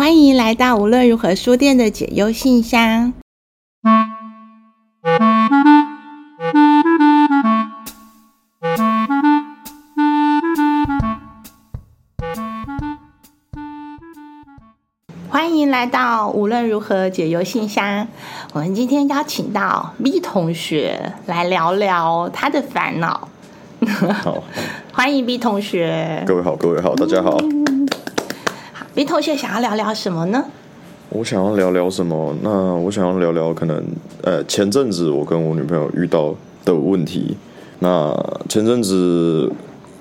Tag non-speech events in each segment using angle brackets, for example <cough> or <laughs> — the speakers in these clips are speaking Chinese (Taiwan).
歡迎來到無論如河書店的解憂信箱。歡迎來到無論如河解憂信箱。我們今天邀請到 B 同學來聊聊他的煩惱。 <laughs> 好，歡迎 B 同學。各位好，各位好，大家好。嗯林同學想要聊聊什麼呢？我想要聊聊什麼？那我想要聊聊可能，呃、欸，前陣子我跟我女朋友遇到的問題。那前陣子，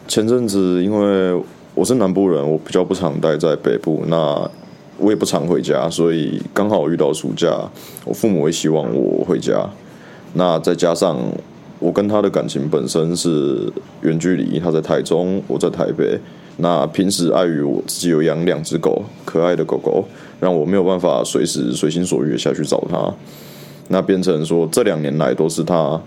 前陣子因為我是南部人，我比較不常待在北部，那我也不常回家，所以剛好遇到暑假，我父母也希望我回家。那再加上。我跟他的感情本身是遠距離，他在台中，我在台北。那平時礙於我自己有養兩隻狗，可愛的狗狗，讓我沒有辦法隨時隨心所欲下去找他。那變成說這兩年來都是他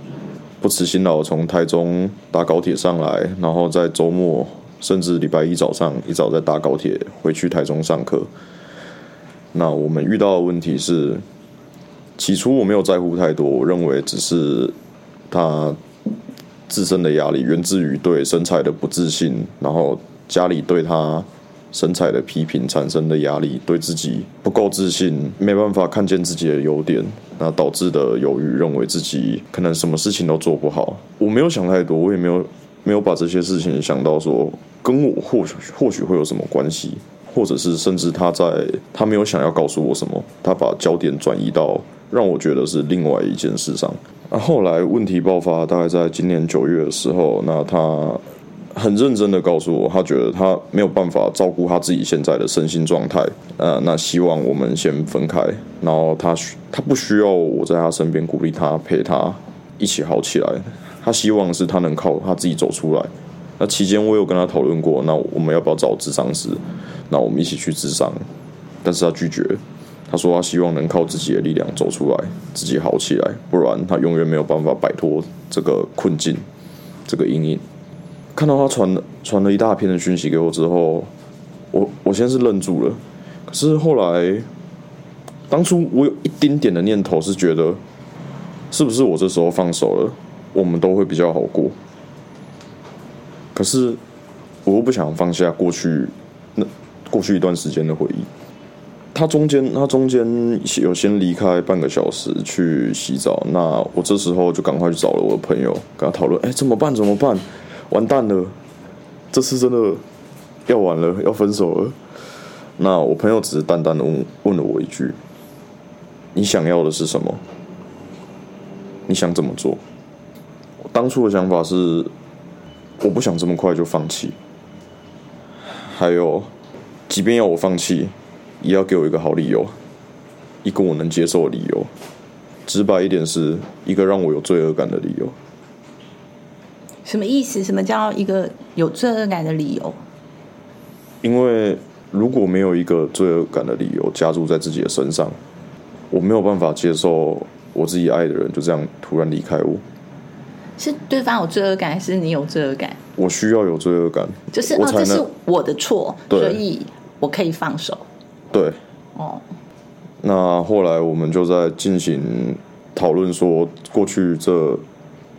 不辭辛勞從台中搭高鐵上來，然後在周末甚至禮拜一早上一早再搭高鐵回去台中上課。那我們遇到的問題是，起初我沒有在乎太多，我認為只是。他自身的壓力源自於對身材的不自信，然後家裡對他身材的批評產生的壓力，對自己不夠自信，沒辦法看見自己的優點，那導致的猶豫，認為自己可能什麼事情都做不好。我沒有想太多，我也沒有沒有把這些事情想到說跟我或許或許會有什麼關係，或者是甚至他在他沒有想要告訴我什麼，他把焦點轉移到。讓我覺得是另外一件事上，那、啊、後來問題爆發，大概在今年九月的時候，那他很認真的告訴我，他覺得他沒有辦法照顧他自己現在的身心狀態，呃，那希望我們先分開，然後他他不需要我在他身邊鼓勵他，陪他一起好起來，他希望是他能靠他自己走出來。那期間我有跟他討論過，那我們要不要找諮商師，那我們一起去諮商，但是他拒絕。他說：“他希望能靠自己的力量走出來，自己好起來，不然他永遠沒有辦法擺脫這個困境，這個陰影。”看到他傳了傳了一大篇的訊息給我之後，我我先是愣住了，可是後來，當初我有一丁點的念頭是覺得，是不是我這時候放手了，我們都會比較好過？可是我又不想放下過去那過去一段時間的回憶。他中間，他中間有先離開半個小時去洗澡。那我這時候就趕快去找了我的朋友，跟他討論：“哎、欸，怎麼辦？怎麼辦？完蛋了！這次真的要完了，要分手了。”那我朋友只是淡淡的問問了我一句：“你想要的是什麼？你想怎麼做？”我當初的想法是：我不想這麼快就放棄。還有，即便要我放棄。也要給我一個好理由，一個我能接受的理由。直白一點，是一個讓我有罪惡感的理由。什麼意思？什麼叫一個有罪惡感的理由？因為如果沒有一個罪惡感的理由加注在自己的身上，我沒有辦法接受我自己愛的人就這樣突然離開我。是對方有罪惡感，還是你有罪惡感？我需要有罪惡感，就是哦，這是我的錯，所以我可以放手。對，哦，那後來我們就在進行討論，說過去這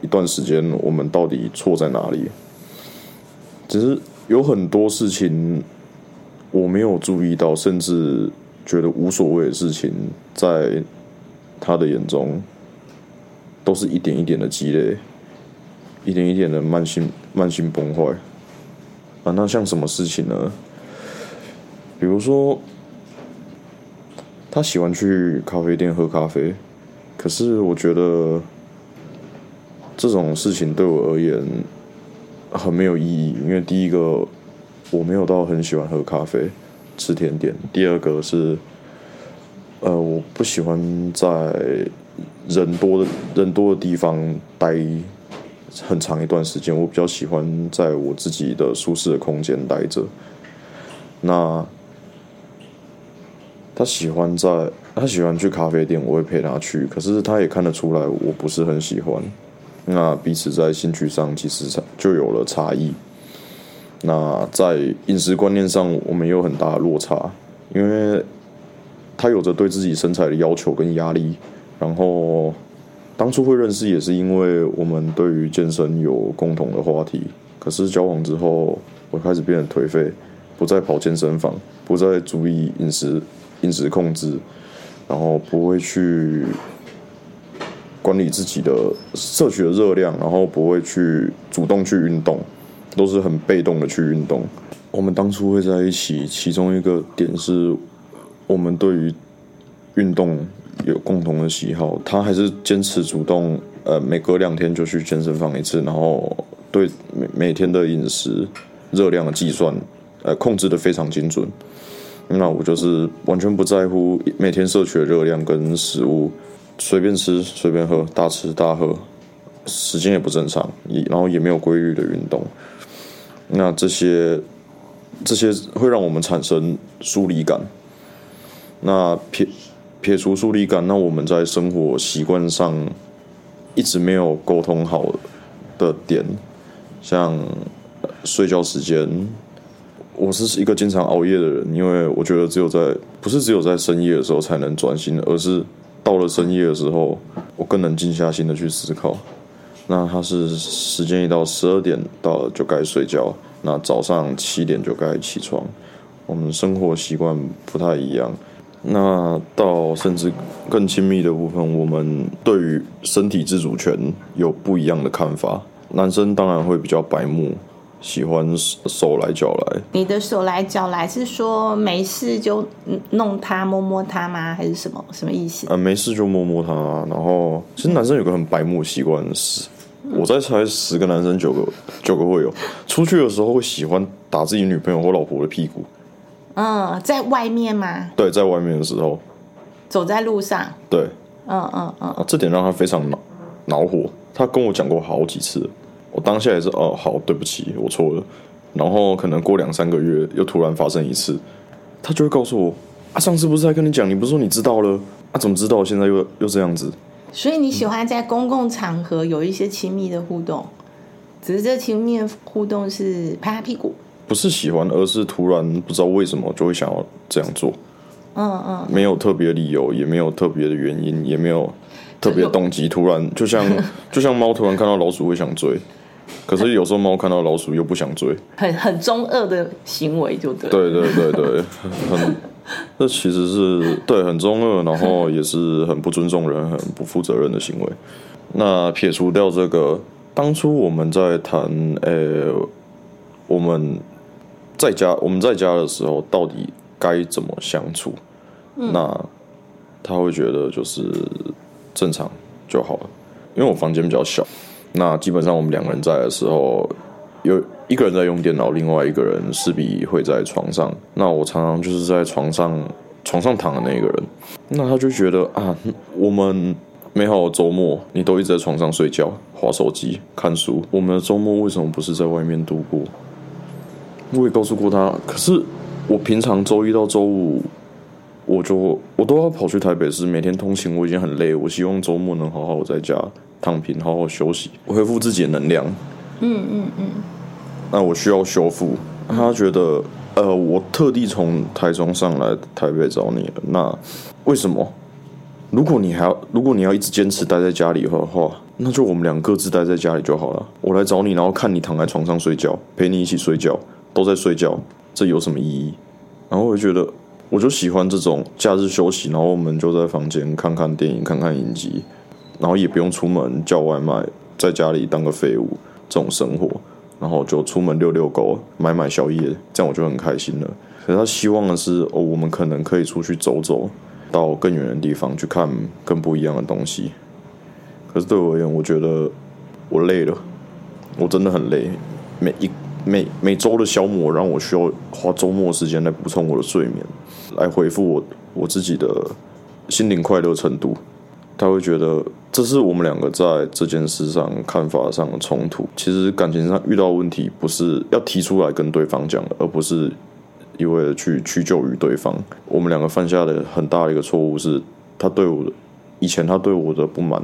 一段時間我們到底錯在哪裡？其實有很多事情我沒有注意到，甚至覺得無所謂的事情，在他的眼中都是一點一點的積累，一點一點的慢性慢性崩壞啊。那像什麼事情呢？比如說。他喜歡去咖啡店喝咖啡，可是我覺得這種事情對我而言很沒有意義，因為第一個我沒有到很喜歡喝咖啡，吃甜點，第二個是呃我不喜歡在人多的人多的地方待很長一段時間，我比較喜歡在我自己的舒適的空間待着。那。他喜歡在，他喜歡去咖啡店，我會陪他去。可是他也看得出來，我不是很喜歡。那彼此在興趣上其實就有了差異。那在飲食觀念上，我們有很大的落差，因為他有着對自己身材的要求跟壓力。然後當初會認識也是因為我們對於健身有共同的話題。可是交往之後，我開始變得頹廢，不再跑健身房，不再注意飲食。飲食控制，然後不會去管理自己的攝取的熱量，然後不會去主動去運動，都是很被動的去運動。我們當初會在一起，其中一個點是我們對於運動有共同的喜好。他還是堅持主動，呃，每隔兩天就去健身房一次，然後對每，每天的飲食熱量的計算，呃，控制得非常精準。那我就是完全不在乎每天攝取的熱量跟食物，隨便吃隨便喝，大吃大喝，時間也不正常，也，然後也沒有規律的運動。那這些，這些會讓我們產生疏離感。那撇撇除疏離感，那我們在生活習慣上一直沒有溝通好的點，像睡覺時間。我是一個經常熬夜的人，因為我覺得只有在不是只有在深夜的時候才能專心，而是到了深夜的時候，我更能靜下心的去思考。那他是時間一到十二點到了就該睡覺，那早上七點就該起床。我們生活習慣不太一樣。那到甚至更親密的部分，我們對於身體自主權有不一樣的看法。男生當然會比較白目。喜歡手來腳來，你的手來腳來是說沒事就弄他摸摸他嗎？還是什麼什麼意思？啊、呃，沒事就摸摸他。然後其實男生有個很白目習慣，是，我在猜十個男生九個、嗯、九個會有出去的時候會喜歡打自己女朋友或老婆的屁股。嗯，在外面嗎？對，在外面的時候，走在路上。對，嗯嗯嗯、啊，這點讓他非常惱惱火。他跟我講過好幾次。我當下也是哦，好，對不起，我錯了。然後可能過兩三個月，又突然發生一次，他就會告訴我，啊，上次不是還跟你講，你不是說你知道了，啊，怎麼知道我現在又又這樣子。所以你喜歡在公共場合有一些親密的互動，嗯、只是這親密的互動是拍他屁股，不是喜歡，而是突然不知道為什麼就會想要這樣做。嗯嗯，沒有特別理由，也沒有特別的原因，也沒有特別動機，突然就像 <laughs> 就像貓突然看到老鼠會想追。可是有時候貓看到老鼠又不想追，很很中二的行為就對。對對對對，很、 <laughs> 嗯，這其實是對很中二，然後也是很不尊重人、很不負責任的行為。那撇除掉這個，當初我們在談，呃、欸，我們在家我們在家的時候到底該怎麼相處、嗯？那他會覺得就是正常就好了，因為我房間比較小。那基本上我們兩個人在的時候，有一個人在用電腦，另外一個人勢必會在床上。那我常常就是在床上床上躺的那個人，那他就覺得啊，我們美好的周末你都一直在床上睡覺、滑手機、看書，我們的周末為什麼不是在外面度過？我也告訴過他，可是我平常周一到周五，我就我都要跑去台北市，每天通勤我已經很累，我希望周末能好好在家。躺平，好好休息，恢復自己的能量。嗯嗯嗯。那我需要修復。他覺得，呃，我特地從台中上來台北找你了，那為什麼？如果你還要，如果你要一直堅持待在家裡的話，那就我們倆各自待在家裡就好了。我來找你，然後看你躺在床上睡覺，陪你一起睡覺，都在睡覺，這有什麼意義？然後我就覺得，我就喜歡這種假日休息，然後我們就在房間看看電影，看看影集。然後也不用出門叫外賣，在家裡當個廢物這種生活，然後就出門遛遛狗、買買宵夜，這樣我就很開心了。可是他希望的是，哦，我們可能可以出去走走，到更遠的地方去看更不一樣的東西。可是對我而言，我覺得我累了，我真的很累。每一每每周的消磨讓我需要花周末時間來補充我的睡眠，來恢復我我自己的心靈快樂程度。他會覺得這是我們兩個在這件事上看法上的衝突。其實感情上遇到問題，不是要提出來跟對方講，而不是一味的去屈就於對方。我們兩個犯下的很大的一個錯誤是，他對我以前他對我的不滿，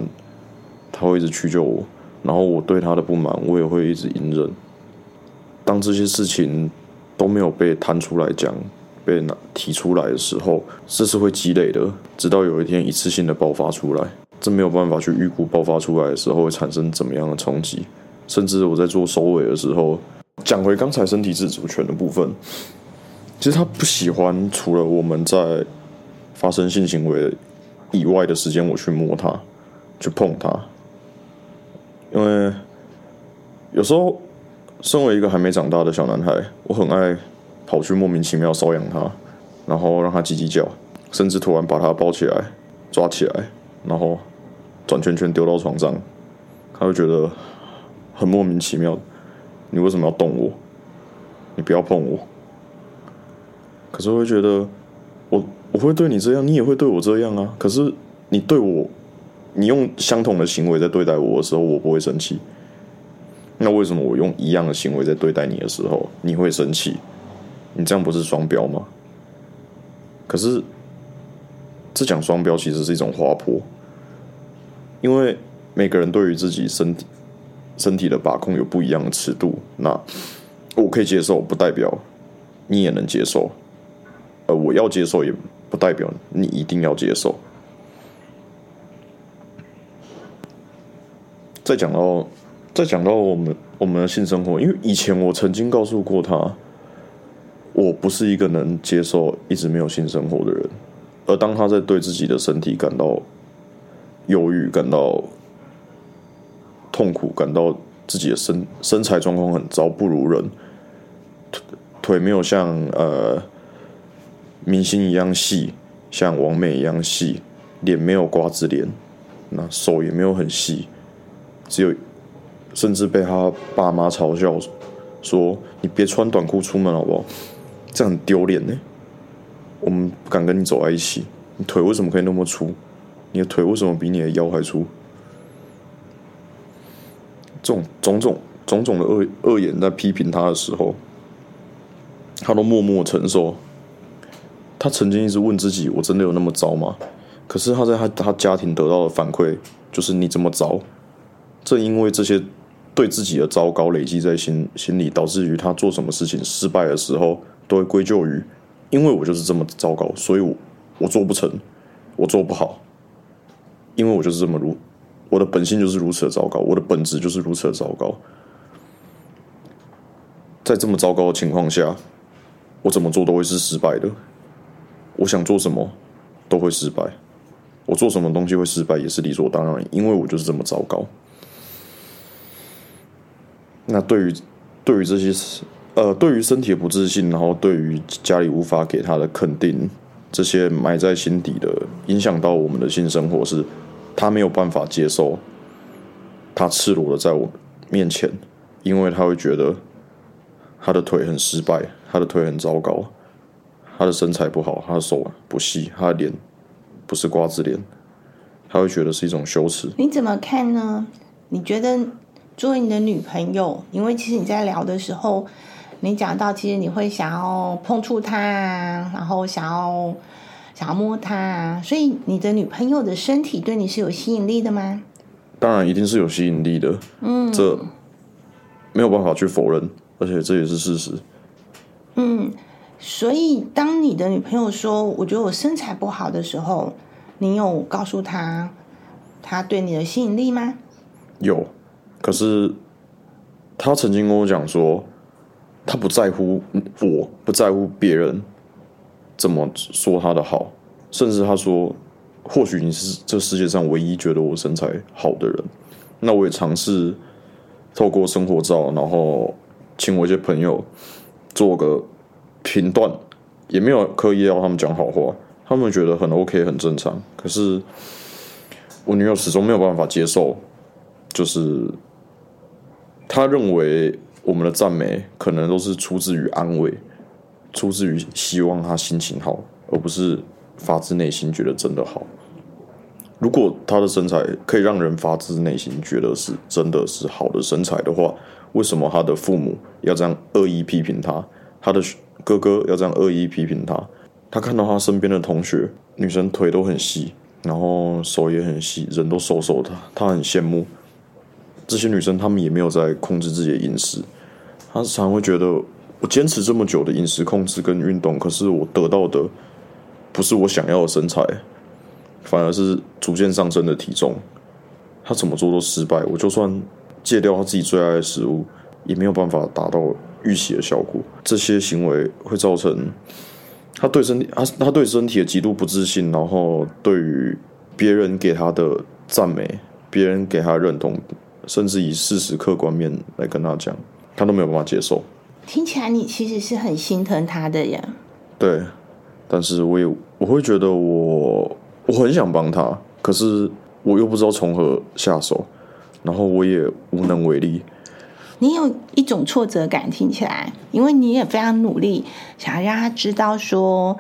他會一直屈就我，然後我對他的不滿，我也會一直隱忍。當這些事情都沒有被攤出來講。被提出來的時候，這是會積累的，直到有一天一次性的爆發出來，這沒有辦法去預估爆發出來的時候會產生怎麼樣的衝擊。甚至我在做收尾的時候，講回剛才身體自主權的部分，其實他不喜歡除了我們在發生性行為以外的時間我去摸他、去碰他，因為有時候身為一個還沒長大的小男孩，我很愛。跑去莫名其妙搔癢她，然後讓她嘰嘰叫，甚至突然把她抱起來，抓起來，然後轉圈圈丟到床上，她會覺得很莫名其妙。你為什麼要動我？你不要碰我。可是我會覺得我我會對你這樣，你也會對我這樣啊。可是你對我，你用相同的行為在對待我的時候，我不會生氣。那為什麼我用一樣的行為在對待你的時候，你會生氣？你這樣不是雙標嗎？可是，這講雙標其實是一種滑坡，因為每個人對於自己身體身體的把控有不一樣的尺度。那我可以接受，不代表你也能接受。呃，我要接受，也不代表你一定要接受。再講到，再講到我們我們的性生活，因為以前我曾經告訴過他。我不是一個能接受一直沒有性生活的人，而當他在對自己的身體感到憂鬱、感到痛苦、感到自己的身身材狀況很糟、不如人，腿腿沒有像呃明星一樣細，像網美一樣細，臉沒有瓜子臉，那手也沒有很細，只有甚至被他爸媽嘲笑說：“你別穿短褲出門，好不好？”這樣很丟臉呢？我們不敢跟你走在一起。你腿為什麼可以那麼粗？你的腿為什麼比你的腰還粗？這種種種種種的惡惡言在批評他的時候，他都默默承受。他曾經一直問自己：“我真的有那麼糟嗎？”可是他在他他家庭得到的反饋就是：“你這麼糟？”正因為這些對自己的糟糕累積在心心裡，導致於他做什麼事情失敗的時候。都會歸咎於，因為我就是這麼糟糕，所以我我做不成，我做不好，因為我就是這麼如，我的本性就是如此的糟糕，我的本質就是如此的糟糕，在這麼糟糕的情況下，我怎麼做都會是失敗的，我想做什麼都會失敗，我做什麼東西會失敗也是理所當然，因為我就是這麼糟糕。那對於對於這些呃，對於身體的不自信，然後對於家裡無法給他的肯定，這些埋在心底的影響到我們的性生活是，是他沒有辦法接受他赤裸的在我面前，因為他會覺得他的腿很失敗，他的腿很糟糕，他的身材不好，他的手不細，他的臉不是瓜子臉，他會覺得是一種羞恥。你怎麼看呢？你覺得作為你的女朋友，因為其實你在聊的時候。你講到，其實你會想要碰觸他，然後想要想要摸他。所以你的女朋友的身體對你是有吸引力的嗎？當然，一定是有吸引力的。嗯，這沒有辦法去否認，而且這也是事實。嗯，所以當你的女朋友說“我覺得我身材不好的時候”，你有告訴她他，他對你的吸引力嗎？有，可是他曾經跟我講說。他不在乎我，我不在乎別人怎麼說他的好，甚至他說，或許你是這世界上唯一覺得我身材好的人。那我也嘗試透過生活照，然後請我一些朋友做個評斷，也沒有刻意要他們講好話，他們覺得很 OK，很正常。可是我女友始終沒有辦法接受，就是她認為。我們的讚美可能都是出自於安慰，出自於希望他心情好，而不是發自內心覺得真的好。如果他的身材可以讓人發自內心覺得是真的是好的身材的話，為什麼他的父母要這樣惡意批評他？他的哥哥要這樣惡意批評他？他看到他身邊的同學，女生腿都很細，然後手也很細，人都瘦瘦的，他很羨慕。這些女生，她們也沒有在控制自己的飲食，她常會覺得，我堅持這麼久的飲食控制跟運動，可是我得到的不是我想要的身材，反而是逐漸上升的體重。她怎麼做都失敗，我就算戒掉她自己最愛的食物，也沒有辦法達到預期的效果。這些行為會造成她對身體她她對身體的極度不自信，然後對於別人給她的讚美，別人給她的認同。甚至以事實客觀面來跟他講，他都沒有辦法接受。聽起來你其實是很心疼他的耶。對，但是我也我會覺得我我很想幫他，可是我又不知道從何下手，然後我也無能為力。你有一種挫折感，聽起來，因為你也非常努力，想要讓他知道說，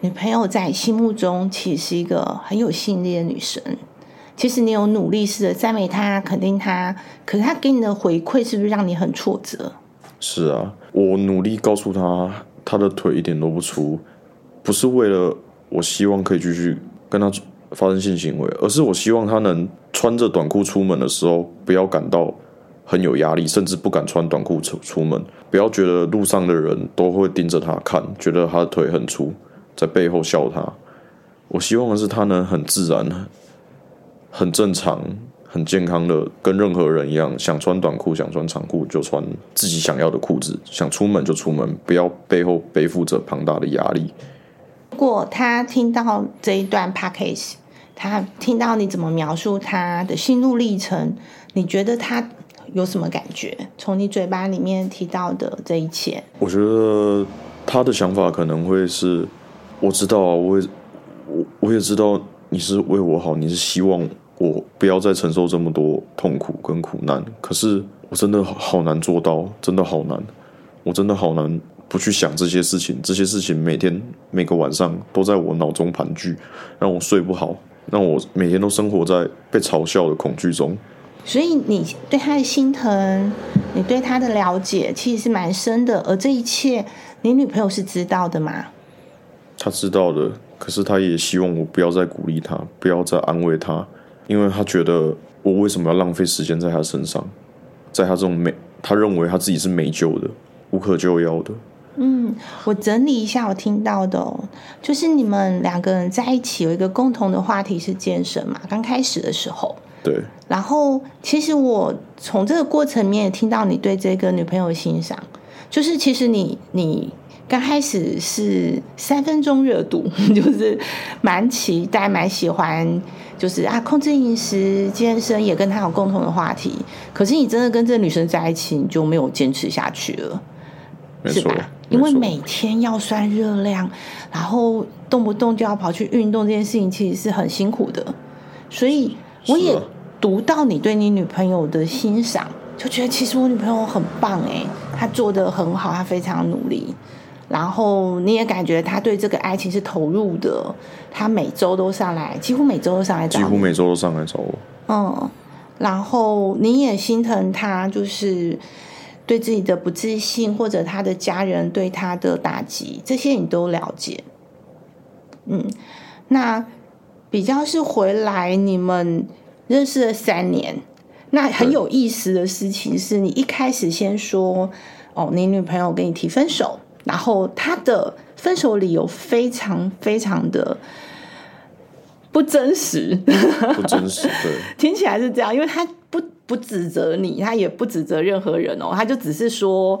女朋友在心目中其實是一個很有吸引力的女神。其實你有努力是的讚美他，肯定他，可是他給你的回饋是不是讓你很挫折？是啊，我努力告訴他，他的腿一點都不粗，不是為了我希望可以繼續跟他發生性行為，而是我希望他能穿着短褲出門的時候，不要感到很有壓力，甚至不敢穿短褲出出門，不要覺得路上的人都會盯着他看，覺得他的腿很粗，在背後笑他。我希望的是他能很自然。很正常，很健康的，跟任何人一樣，想穿短褲想穿長褲就穿自己想要的褲子，想出門就出門，不要背後背負着龐大的壓力。如果他聽到這一段 podcast，他聽到你怎麼描述他的心路歷程，你覺得他有什麼感覺？從你嘴巴裡面提到的這一切，我覺得他的想法可能會是，我知道啊，我也我我也知道。你是為我好，你是希望我不要再承受這麼多痛苦跟苦難。可是我真的好難做到，真的好難，我真的好難不去想這些事情。這些事情每天每個晚上都在我腦中盤踞，讓我睡不好，讓我每天都生活在被嘲笑的恐懼中。所以你對他的心疼，你對他的了解其實是蠻深的。而這一切，你女朋友是知道的嗎？她知道的。可是他也希望我不要再鼓勵他，不要再安慰他，因為他覺得我為什麼要浪費時間在他身上，在他這種沒，他認為他自己是沒救的，無可救藥的。嗯，我整理一下我聽到的哦，就是你們兩個人在一起有一個共同的話題是健身嘛？剛開始的時候，對。然後其實我從這個過程裡面聽到你對這個女朋友的欣賞，就是其實你你。剛開始是三分鐘熱度，就是蠻期待、蠻喜歡，就是啊，控制飲食、健身也跟他有共同的話題。可是你真的跟這個女生在一起，你就沒有堅持下去了，是吧？因為每天要算熱量，然後動不動就要跑去運動，這件事情其實是很辛苦的。所以我也讀到你對你女朋友的欣賞，就覺得其實我女朋友很棒哎、欸，她做得很好，她非常努力。然後你也感覺他對這個愛情是投入的，他每周都上來，幾乎每周都上來找我，幾乎每周都上來找我。嗯，然後你也心疼他，就是對自己的不自信，或者他的家人對他的打擊，這些你都了解。嗯，那比較是回來，你們認識了三年，那很有意思的事情是你一開始先說哦，你女朋友跟你提分手。然後他的分手理由非常非常的不真實，不真實，對 <laughs> 聽起來是這樣，因為他不不指責你，他也不指責任何人哦，他就只是說。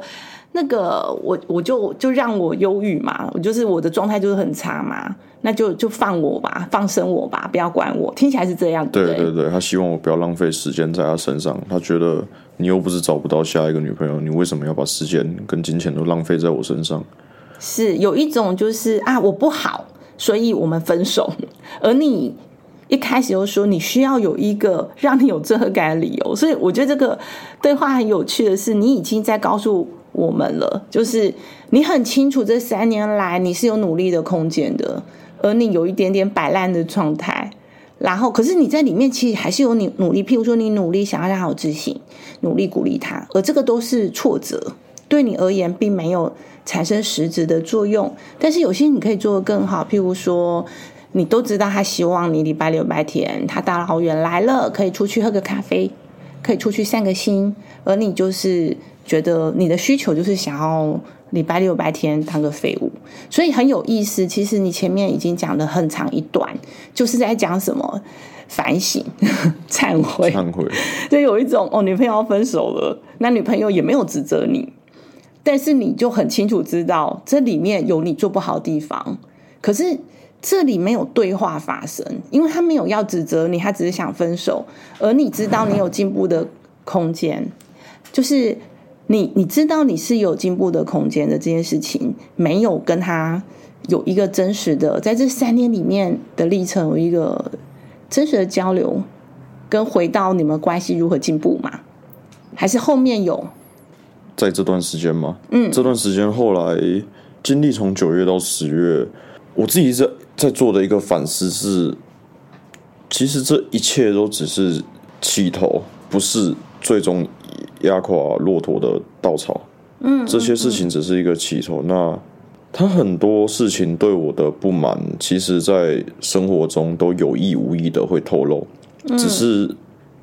那個我我就就讓我憂鬱嘛，我就是我的狀態就是很差嘛，那就就放我吧，放生我吧，不要管我。聽起來是這樣對，對對對，他希望我不要浪費時間在他身上。他覺得你又不是找不到下一個女朋友，你為什麼要把時間跟金錢都浪費在我身上？是有一種就是啊，我不好，所以我們分手。而你一開始就說你需要有一個讓你有罪惡感的理由，所以我覺得這個對話很有趣的是，你已經在告訴。我們了，就是你很清楚，這三年來你是有努力的空間的，而你有一點點擺爛的狀態。然後，可是你在裡面其實還是有你努力，譬如說你努力想要讓他有自信，努力鼓勵他，而這個都是挫折，對你而言並沒有產生實質的作用。但是有些你可以做得更好，譬如說你都知道他希望你禮拜六禮拜天他大老遠來了，可以出去喝個咖啡，可以出去散個心，而你就是。覺得你的需求就是想要禮拜六白天當個廢物，所以很有意思。其實你前面已經講了很長一段，就是在講什麼反省、懺悔、懺悔。 <laughs> 就有一種哦，女朋友要分手了，那女朋友也沒有指責你，但是你就很清楚知道這裡面有你做不好的地方。可是這裡沒有對話發生，因為她沒有要指責你，她只是想分手，而你知道你有進步的空間， <laughs> 就是。你你知道你是有進步的空間的這件事情，沒有跟他有一個真實的在這三年裡面的歷程，有一個真實的交流，跟回到你們關係如何進步嗎？還是後面有在這段時間嗎？嗯，這段時間後來經歷從九月到十月，我自己在在做的一個反思是，其實這一切都只是起頭，不是最終。壓垮駱駝的稻草，嗯，嗯，嗯，這些事情只是一個起頭。那他很多事情對我的不滿，其實在生活中都有意無意的會透露，嗯、只是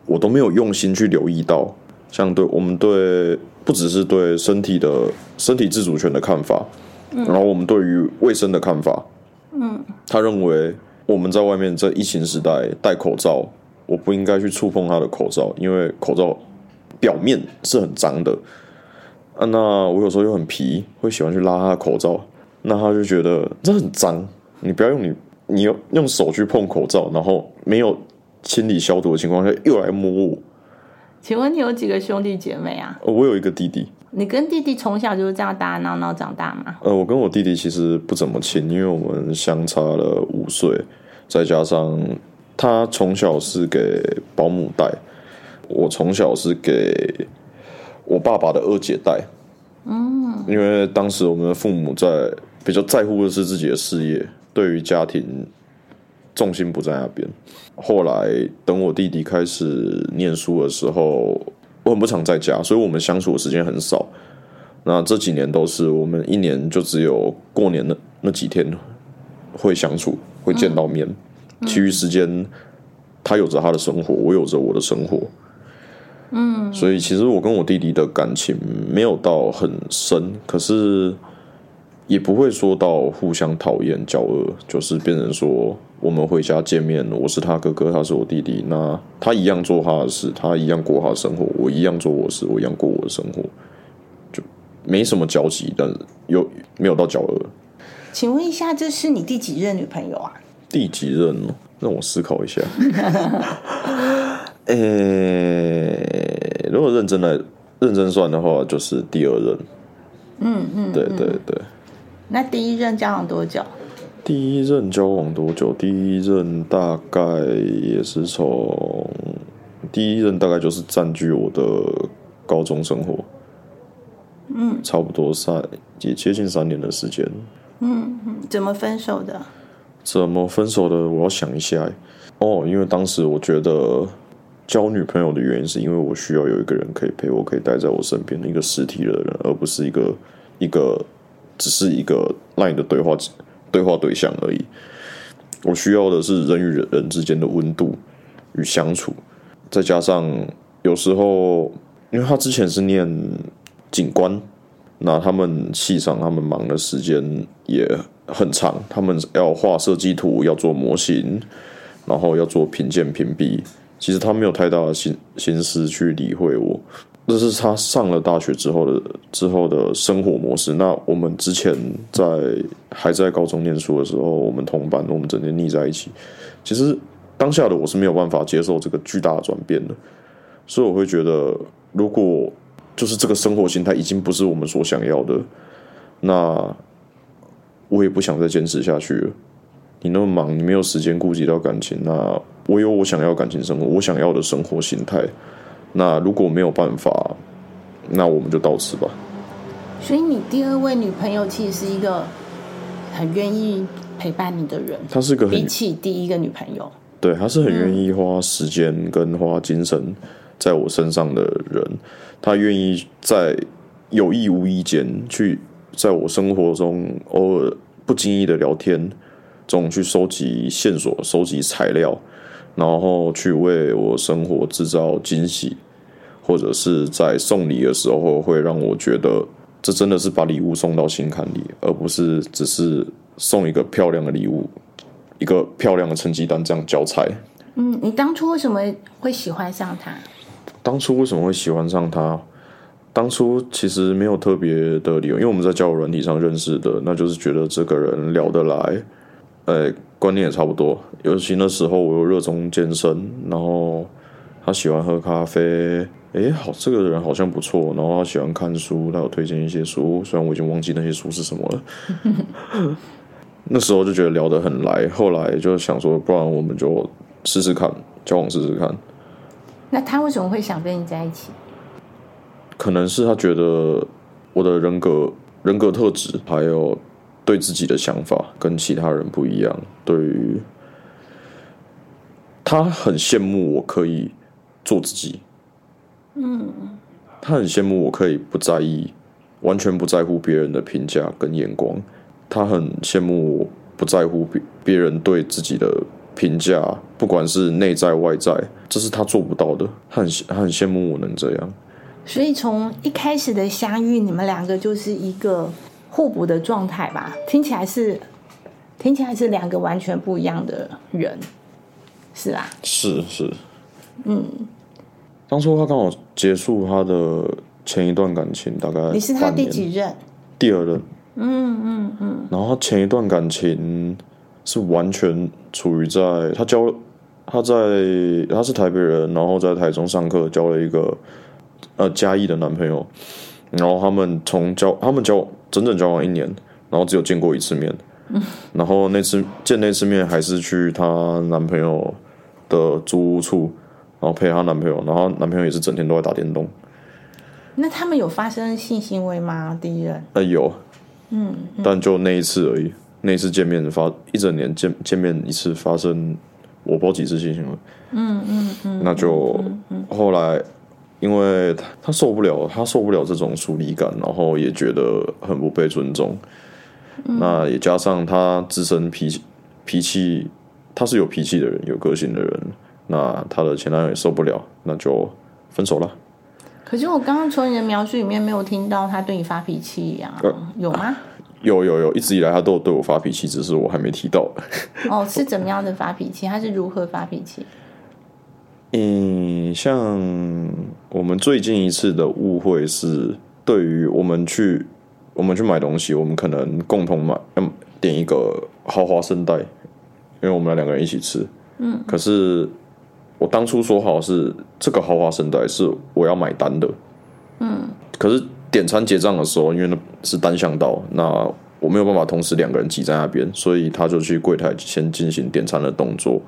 我都沒有用心去留意到。像對我們對，不只是對身體的身體自主權的看法、嗯，然後我們對於衛生的看法，嗯，他認為我們在外面在疫情時代戴口罩，我不應該去觸碰他的口罩，因為口罩。表面是很髒的，啊，那我有時候又很皮，會喜歡去拉他的口罩，那他就覺得這很髒，你不要用你你用用手去碰口罩，然後沒有清理消毒的情況下又來摸我。請問你有幾個兄弟姐妹啊？我有一個弟弟。你跟弟弟從小就是這樣打打鬧鬧長大嗎？呃，我跟我弟弟其實不怎麼親，因為我們相差了五歲，再加上他從小是給保姆帶。我從小是給我爸爸的二姐帶，嗯，因為當時我們的父母在比較在乎的是自己的事業，對於家庭重心不在那邊。後來等我弟弟開始念書的時候，我很不常在家，所以我們相處的時間很少。那這幾年都是我們一年就只有過年的那幾天會相處會見到面，其餘時間他有着他的生活，我有着我的生活。嗯，所以其實我跟我弟弟的感情沒有到很深，可是也不會說到互相討厭、交惡，就是變成說我們回家見面，我是他哥哥，他是我弟弟，那他一樣做他的事，他一樣過他的生活，我一樣做我的事，我一樣過我的生活，就沒什麼交集，但是又沒有到交惡。請問一下，這是你第幾任女朋友啊？第幾任呢？讓我思考一下。 <laughs> 誒、欸，如果認真來，認真算的話，就是第二任。嗯嗯，對對對。那第一任交往多久？第一任交往多久？第一任大概也是從第一任大概就是佔據我的高中生活。嗯，差不多在，也接近三年的時間嗯。嗯，怎麼分手的？怎麼分手的？我要想一下、欸。哦，因為當時我覺得。交女朋友的原因是因為我需要有一個人可以陪我，可以待在我身邊的一個實體的人，而不是一個一個只是一個 LINE 的對話對話對象而已。我需要的是人與人之間的溫度與相處，再加上有時候，因為他之前是念景觀，那他們系上他們忙的時間也很長，他們要畫設計圖，要做模型，然後要做評鑑評比。其實他沒有太大的心心思去理會我，這是他上了大學之後的之後的生活模式。那我們之前在還在高中念書的時候，我們同班，我們整天膩在一起。其實當下的我是沒有辦法接受這個巨大的轉變的，所以我會覺得，如果就是這個生活心態已經不是我們所想要的，那我也不想再堅持下去了。你那麼忙，你沒有時間顧及到感情那，我有我想要感情生活，我想要的生活形態。那如果沒有辦法，那我們就到此吧。所以，你第二位女朋友其實是一個很願意陪伴你的人。她是個比起第一個女朋友，對，她是很願意花時間跟花精神在我身上的人。她、嗯、願意在有意無意間去在我生活中偶爾不經意的聊天中去收集線索、收集材料。然後去為我生活制造驚喜，或者是在送禮的時候，會讓我覺得這真的是把禮物送到心坎裡，而不是只是送一個漂亮的禮物，一個漂亮的成績單這樣交差。嗯，你當初為什麼會喜歡上他？當初為什麼會喜歡上他？當初其實沒有特別的理由，因為我們在交友軟體上認識的，那就是覺得這個人聊得來，哎。觀念也差不多。尤其那時候，我又熱衷健身，然後他喜歡喝咖啡。哎，好，這個人好像不錯。然後他喜歡看書，他有推薦一些書，雖然我已經忘記那些書是什麼了。 <laughs> 那時候就覺得聊得很來。後來就想說，不然我們就試試看，交往試試看。那他為什麼會想跟你在一起？可能是他覺得我的人格、人格特質還有。對自己的想法跟其他人不一樣，對於他很羨慕我可以做自己，嗯，他很羨慕我可以不在意，完全不在乎別人的評價跟眼光，他很羨慕我不在乎別人對自己的評價，不管是內在外在，這是他做不到的，他很他很羨慕我能這樣。所以從一開始的相遇，你們兩個就是一個。互補的狀態吧，聽起來是，聽起來是兩個完全不一樣的人，是吧？是是，嗯。當初他剛好結束他的前一段感情，大概你是他第幾任？第二任。嗯嗯嗯。然後他前一段感情是完全處於在，在，他交他在他是台北人，然後在台中上課，交了一個呃嘉義的男朋友。然後他們從交，他們交整整交往一年，然後只有見過一次面，嗯、然後那次見那次面還是去她男朋友的租屋處，然後陪她男朋友，然後男朋友也是整天都在打電動。那他們有發生性行為嗎？第一人？啊、呃、有嗯，嗯，但就那一次而已，那一次見面發一整年見,見面一次發生，我不知道幾次性行為？嗯嗯嗯，那就、嗯嗯、後來。因為他受不了，他受不了這種疏離感，然後也覺得很不被尊重。嗯、那也加上他自身脾氣脾氣，他是有脾氣的人，有個性的人。那他的前男友也受不了，那就分手了。可是我剛剛從你的描述裡面沒有聽到他對你發脾氣呀、啊呃？有嗎？有有有，一直以來他都有對我發脾氣，只是我還沒提到。 <laughs> 哦，是怎麼樣的發脾氣？他是如何發脾氣？嗯，像我們最近一次的誤會是，對於我們去我們去買東西，我們可能共同買，嗯，點一個豪華聖代，因為我們兩個人一起吃，嗯。可是我當初說好是這個豪華聖代是我要買單的，嗯。可是點餐結賬的時候，因為那是單向道，那我沒有辦法同時兩個人擠在那邊，所以他就去櫃檯先進行點餐的動作。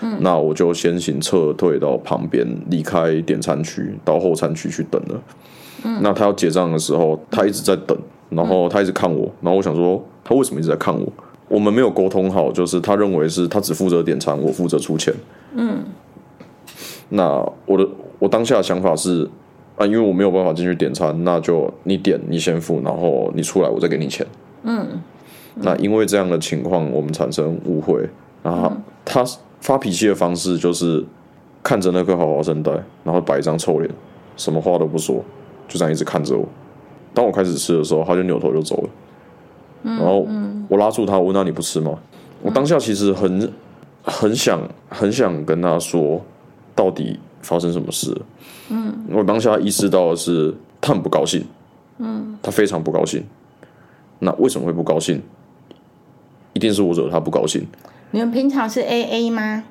嗯，那我就先行撤退到旁邊，離開點餐區，到後餐區去等了。嗯，那他要結賬的時候，他一直在等，然後他一直看我，然後我想說，他為什麼一直在看我？我們沒有溝通好，就是他認為是他只負責點餐，我負責出錢。嗯，那我的我當下的想法是，啊，因為我沒有辦法進去點餐，那就你點你先付，然後你出來我再給你錢。嗯，嗯，那因為這樣的情況，我們產生誤會，然後他。嗯發脾氣的方式就是看着那顆好花生蛋，然後擺一張臭臉，什麼話都不說，就這樣一直看着我。當我開始吃的時候，他就扭頭就走了。然後我拉住他，我問他你不吃嗎？我當下其實很很想很想跟他說，到底發生什麼事？我當下意識到的是，他很不高興。他非常不高興。那為什麼會不高興？一定是我惹他不高興。你們平常是 AA 嗎？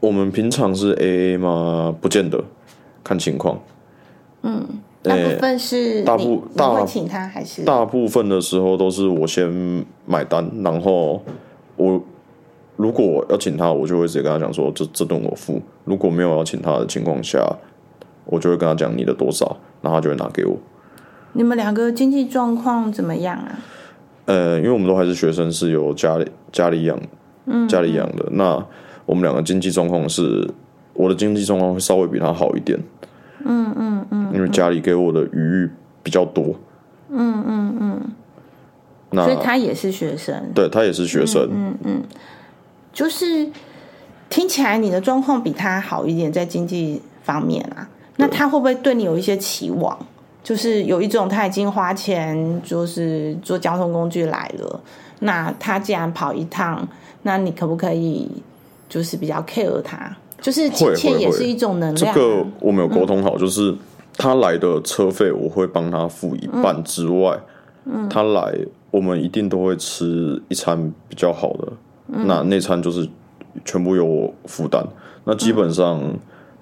我們平常是 AA 嗎？不見得，看情況。嗯，大部分是、欸、大部大會請他還是？大部分的時候都是我先買單，然後我如果要請他，我就會直接跟他講說這這頓我付。如果沒有要請他的情況下，我就會跟他講你的多少，然後他就會拿給我。你們兩個經濟狀況怎麼樣啊？呃，因為我們都還是學生，是有家裡家裡養。家裡養的那，我們兩個經濟狀況是，我的經濟狀況會稍微比他好一點。嗯嗯嗯，因為家裡給我的餘裕比較多。嗯嗯嗯，嗯。那。所以他也是學生。對，他也是學生。嗯嗯，嗯。就是聽起來你的狀況比他好一點，在經濟方面啊，那他會不會對你有一些期望？就是有一種他已經花錢，就是坐交通工具來了，那他既然跑一趟。那你可不可以就是比較 care 他？就是錢也是一種能量、啊會會會。這個我沒有溝通好，就是他來的車費我會幫他付一半之外嗯，嗯，他來我們一定都會吃一餐比較好的，嗯、那那餐就是全部由我負擔、嗯。那基本上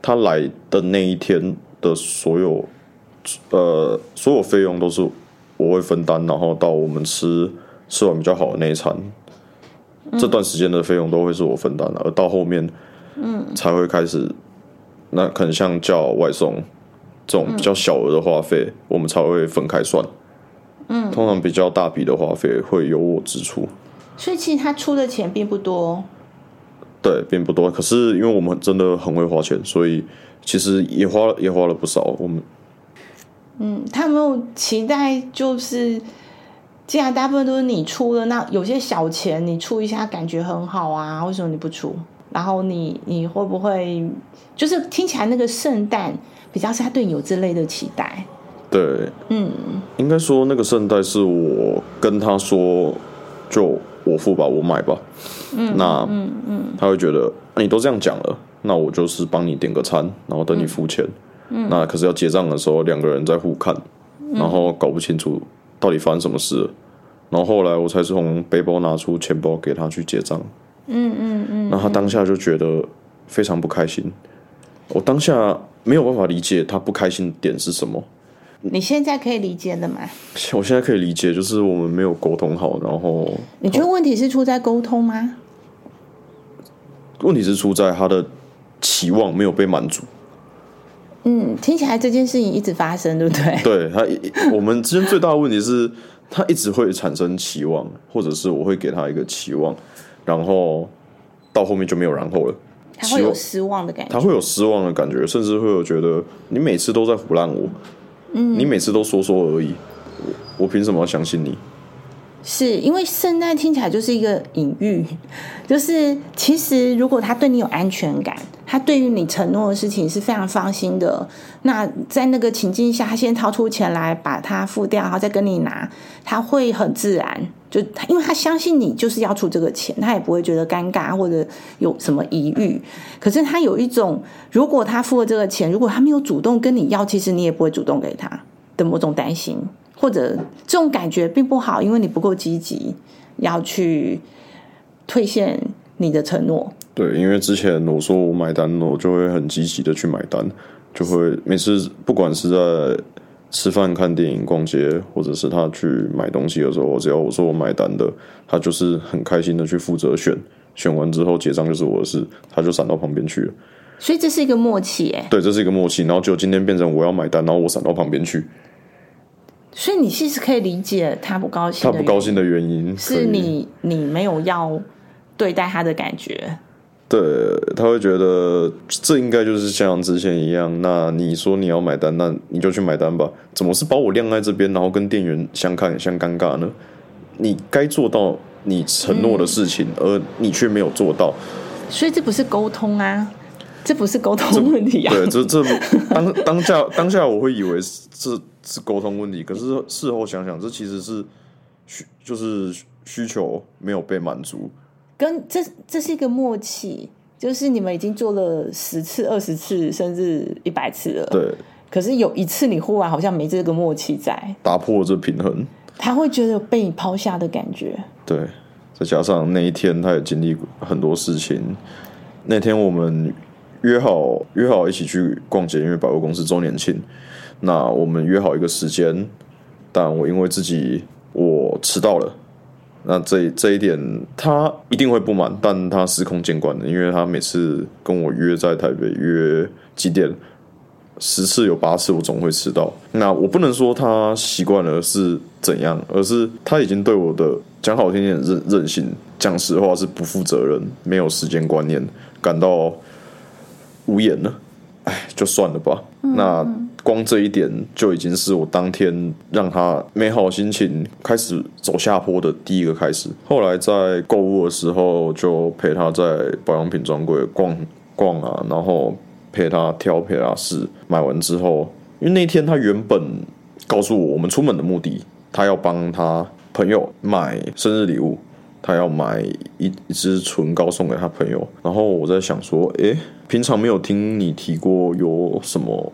他來的那一天的所有，嗯、呃，所有費用都是我會分擔，然後到我們吃吃完比較好的那一餐。這段時間的費用都會是我分擔的，嗯、而到後面，嗯，才會開始、嗯，那可能像叫外送，這種比較小額的花費、嗯，我們才會分開算。嗯，通常比較大筆的花費會由我支出，所以其實他出的錢並不多。對，並不多。可是因為我們真的很會花錢，所以其實也花了也花了不少。我們，嗯，他有沒有期待就是？既然大部分都是你出的，那有些小錢你出一下感覺很好啊，為什麼你不出？然後你你會不會就是聽起來那個聖誕比較是他對你有之類的期待？對，嗯，應該說那個聖誕是我跟他說，就我付吧，我買吧。嗯，那嗯嗯，他會覺得、嗯嗯、你都這樣講了，那我就是幫你點個餐，然後等你付錢。嗯，那可是要結賬的時候，兩個人在互看，然後搞不清楚。到底發生什麼事？然後後來我才從背包拿出錢包給他去結賬。嗯嗯嗯。那、嗯、他當下就覺得非常不開心，嗯。我當下沒有辦法理解他不開心的點是什麼？你現在可以理解的嗎？我現在可以理解，就是我們沒有溝通好。然後你覺得問題是出在溝通嗎？問題是出在他的期望沒有被滿足。嗯嗯，聽起來這件事情一直發生，對不對？對他，我們之間最大的問題是， <laughs> 他一直會產生期望，或者是我會給他一個期望，然後到後面就沒有然後了。他會有失望的感覺，他會有失望的感覺，甚至會有覺得你每次都在唬爛我，嗯，你每次都說說而已，我憑什麼要相信你？是因為聖誕聽起來就是一個隱喻，就是其實如果他對你有安全感，他對於你承諾的事情是非常放心的。那在那個情境下，他先掏出錢來把它付掉，然後再跟你拿，他會很自然，就因為他相信你就是要出這個錢，他也不會覺得尷尬或者有什麼疑慮。可是他有一種，如果他付了這個錢，如果他沒有主動跟你要，其實你也不會主動給他的某種擔心。或者這種感覺並不好，因為你不夠積極，要去兌現你的承諾。對，因為之前我說我買單，我就會很積極的去買單，就會每次不管是在吃飯、看電影、逛街，或者是他去買東西的時候，只要我說我買單的，他就是很開心的去負責選，選完之後結賬就是我的事，他就閃到旁邊去了。所以這是一個默契欸。對，這是一個默契。然後就今天變成我要買單，然後我閃到旁邊去。所以你其實可以理解他不高興，他不高興的原因是你你沒有要對待他的感覺。對，他會覺得這應該就是像之前一樣。那你說你要買單，那你就去買單吧。怎麼是把我晾在這邊，然後跟店員相看相尷尬呢？你該做到你承諾的事情，嗯，而你卻沒有做到。所以這不是溝通啊，這不是溝通問題啊。對，這這當當下當下我會以為是。是是溝通問題，可是事後想想，這其實是需就是需求沒有被滿足。跟這這是一個默契，就是你們已經做了十次、二十次，甚至一百次了。對。可是有一次你忽然好像沒這個默契在，打破了這平衡，他會覺得被你拋下的感覺。對，再加上那一天他也經歷很多事情。那天我們約好約好一起去逛街，因為百貨公司周年慶。那我們約好一個時間，但我因為自己我遲到了，那這這一點他一定會不滿，但他司空見慣的，因為他每次跟我約在台北約幾點，十次有八次我總會遲到。那我不能說他習慣了是怎樣，而是他已經對我的講好聽點任任性，講實話是不負責任、沒有時間觀念，感到無言了。哎，就算了吧。嗯、那。光這一點就已經是我當天讓他美好心情開始走下坡的第一個開始。後來在購物的時候，就陪他在保養品專櫃逛逛啊，然後陪他挑，陪他試。買完之後，因為那天他原本告訴我，我們出門的目的，他要幫他朋友買生日禮物，他要買一一支唇膏送給他朋友。然後我在想說，誒，平常沒有聽你提過有什麼。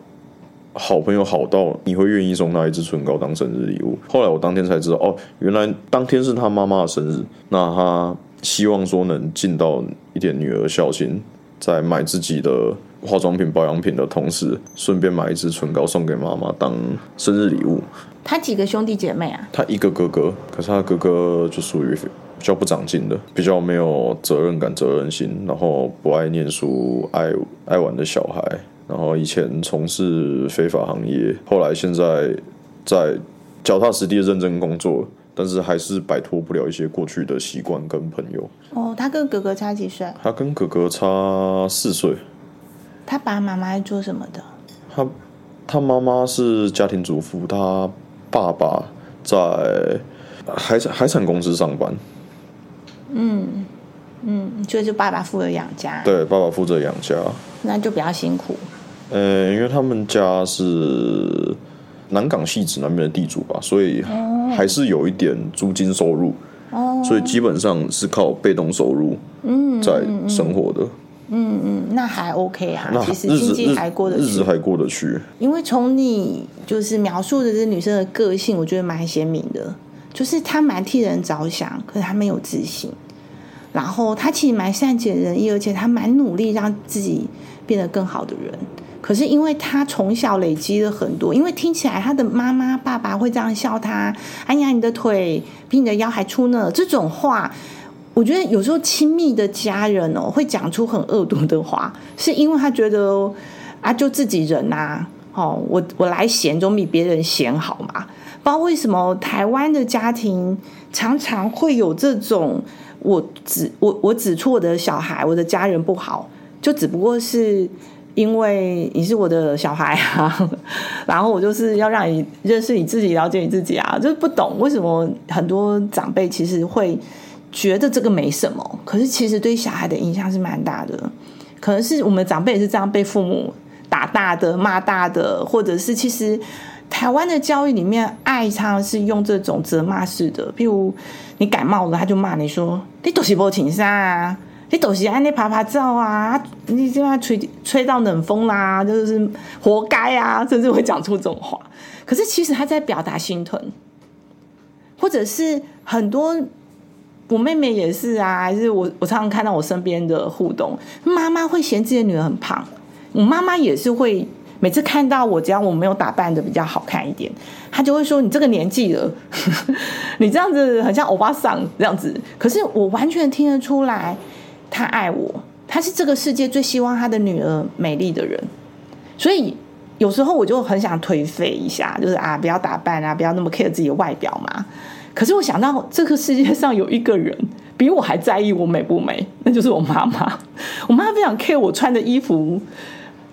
好朋友好到你會願意送他一支唇膏當生日禮物。後來我當天才知道，哦，原來當天是他媽媽的生日。那他希望說能盡到一點女兒孝心，在買自己的化妝品、保養品的同時，順便買一支唇膏送給媽媽當生日禮物。他幾個兄弟姐妹啊？他一個哥哥，可是他哥哥就屬於比較不長進的，比較沒有責任感、責任心，然後不愛念書、愛愛玩的小孩。然後以前從事非法行業，後來現在在腳踏實地認真工作，但是還是擺脫不了一些過去的習慣跟朋友。哦，他跟哥哥差幾歲？他跟哥哥差四歲。他爸爸媽媽是做什麼的？他他媽媽是家庭主婦，他爸爸在海海產公司上班。嗯嗯，就是爸爸負責養家。對，爸爸負責養家，那就比較辛苦。呃、欸，因為他們家是南港戲子那邊的地主吧，所以還是有一點租金收入，哦、所以基本上是靠被動收入，嗯，在生活的嗯嗯嗯，嗯嗯，那還 OK 啊，那其實經濟還過得去，日子，日子還過得去。因為從你就是描述的這女生的個性，我覺得蠻鮮明的，就是她蠻替人着想，可是她沒有自信，然後她其實蠻善解人意，而且她蠻努力讓自己變得更好的人。可是，因為他從小累積了很多，因為聽起來他的媽媽、爸爸會這樣笑他：“哎呀，你的腿比你的腰還粗呢。”這種話，我覺得有時候親密的家人哦，會講出很惡毒的話，是因為他覺得啊，就自己人吶、啊，哦，我我來嫌總比別人嫌好嘛。不知道為什麼台灣的家庭常常會有這種我指我我指出我的小孩、我的家人不好，就只不過是。因為你是我的小孩啊，然後我就是要讓你認識你自己，了解你自己啊。就是不懂為什麼很多長輩其實會覺得這個沒什麼，可是其實對小孩的影響是蠻大的。可能是我們長輩也是這樣被父母打大的、罵大的，或者是其實台灣的教育裡面愛常常是用這種責罵式的，比如你感冒了，他就罵你說：“你都是沒穿衫啊。”你爬爬走起來那拍拍照啊，你這樣吹吹到冷風啦、啊，就是活該啊，甚至會講出這種話。可是其實他在表達心疼，或者是很多我妹妹也是啊，還是我我常常看到我身邊的互動，媽媽會嫌自己的女兒很胖，我媽媽也是會每次看到我，只要我沒有打扮得比較好看一點，她就會說：“你這個年紀了呵呵，你這樣子很像歐巴桑這樣子。”可是我完全聽得出來。她愛我，她是這個世界最希望她的女兒美麗的人，所以有時候我就很想頹廢一下，就是啊，不要打扮啊，不要那麼 care 自己的外表嘛。可是我想到這個世界上有一個人比我還在意我美不美，那就是我媽媽。我媽非常 care 我穿的衣服，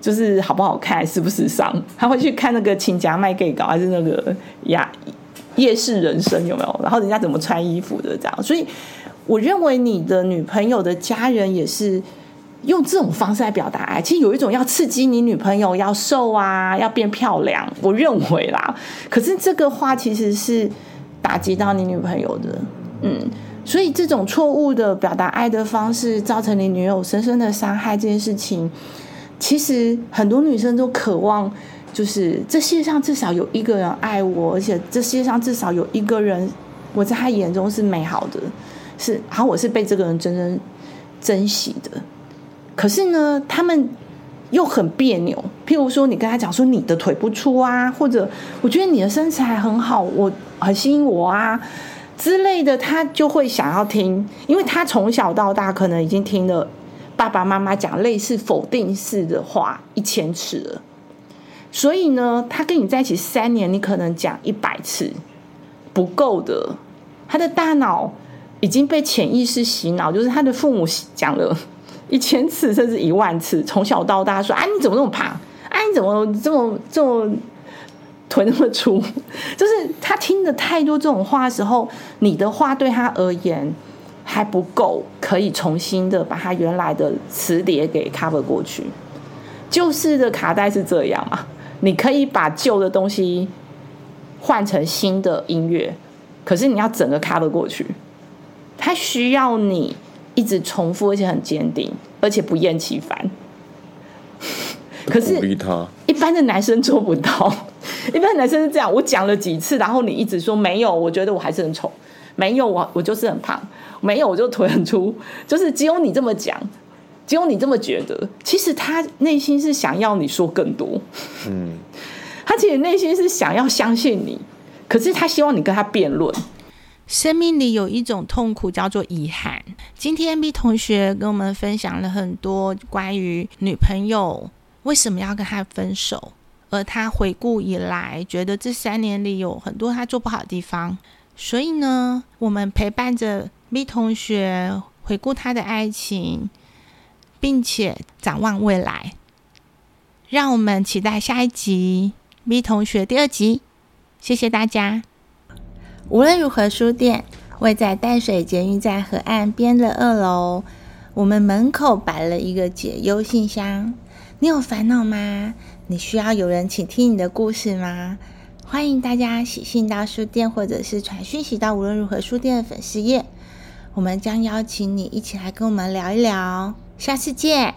就是好不好看，是不是時尚，她會去看那個《請假賣 gay 稿》還是那個《夜夜市人生》有沒有？然後人家怎麼穿衣服的這樣，所以。我認為你的女朋友的家人也是用這種方式來表達愛，其實有一種要刺激你女朋友要瘦啊，要變漂亮。我認為啦，可是這個話其實是打擊到你女朋友的，嗯，所以這種錯誤的表達愛的方式，造成你女友深深的傷害。這件事情，其實很多女生都渴望，就是這世界上至少有一個人愛我，而且這世界上至少有一個人我在他眼中是美好的。是，好，我是被這個人真正珍、珍惜的。可是呢，他們又很彆扭。譬如說，你跟他講說你的腿不粗啊，或者我覺得你的身材很好，我很吸引我啊之類的，他就會想要聽，因為他從小到大可能已經聽了爸爸媽媽講類似否定式的話一千次了。所以呢，他跟你在一起三年，你可能講一百次，不夠的，他的大腦。已經被潛意識洗腦，就是他的父母講了一千次甚至一萬次，從小到大說：“啊，你怎麼那麼胖？啊，你怎麼這麼胖，啊，你怎麼這麼，這麼，這麼腿那麼粗？”就是他聽的太多這種話的時候，你的話對他而言還不夠，可以重新的把他原來的磁碟給 cover 過去。舊式的卡帶是這樣嘛？你可以把舊的東西換成新的音樂，可是你要整個 cover 過去。他需要你一直重複，而且很堅定，而且不厭其煩。可是，一般的男生做不到。一般的男生是這樣：我講了幾次，然後你一直說沒有。我覺得我還是很醜，沒有我，我就是很胖，沒有我就腿很粗。就是只有你這麼講，只有你這麼覺得。其實他內心是想要你說更多。嗯，他其實內心是想要相信你，可是他希望你跟他辯論。生命裡有一種痛苦叫做遺憾。今天 B 同學跟我們分享了很多關於女朋友為什麼要跟他分手，而他回顧以來覺得這三年裡有很多他做不好的地方。所以呢，我們陪伴着 B 同學回顧他的愛情，並且展望未來。讓我們期待下一集 B 同學第二集。謝謝大家。無論如河書店位在淡水捷運站河岸邊的二樓，我們門口擺了一個解憂信箱。你有煩惱嗎？你需要有人傾聽你的故事嗎？歡迎大家寫信到書店，或者是傳訊息到無論如河書店的粉絲頁，我們將邀請你一起來跟我們聊一聊。下次見。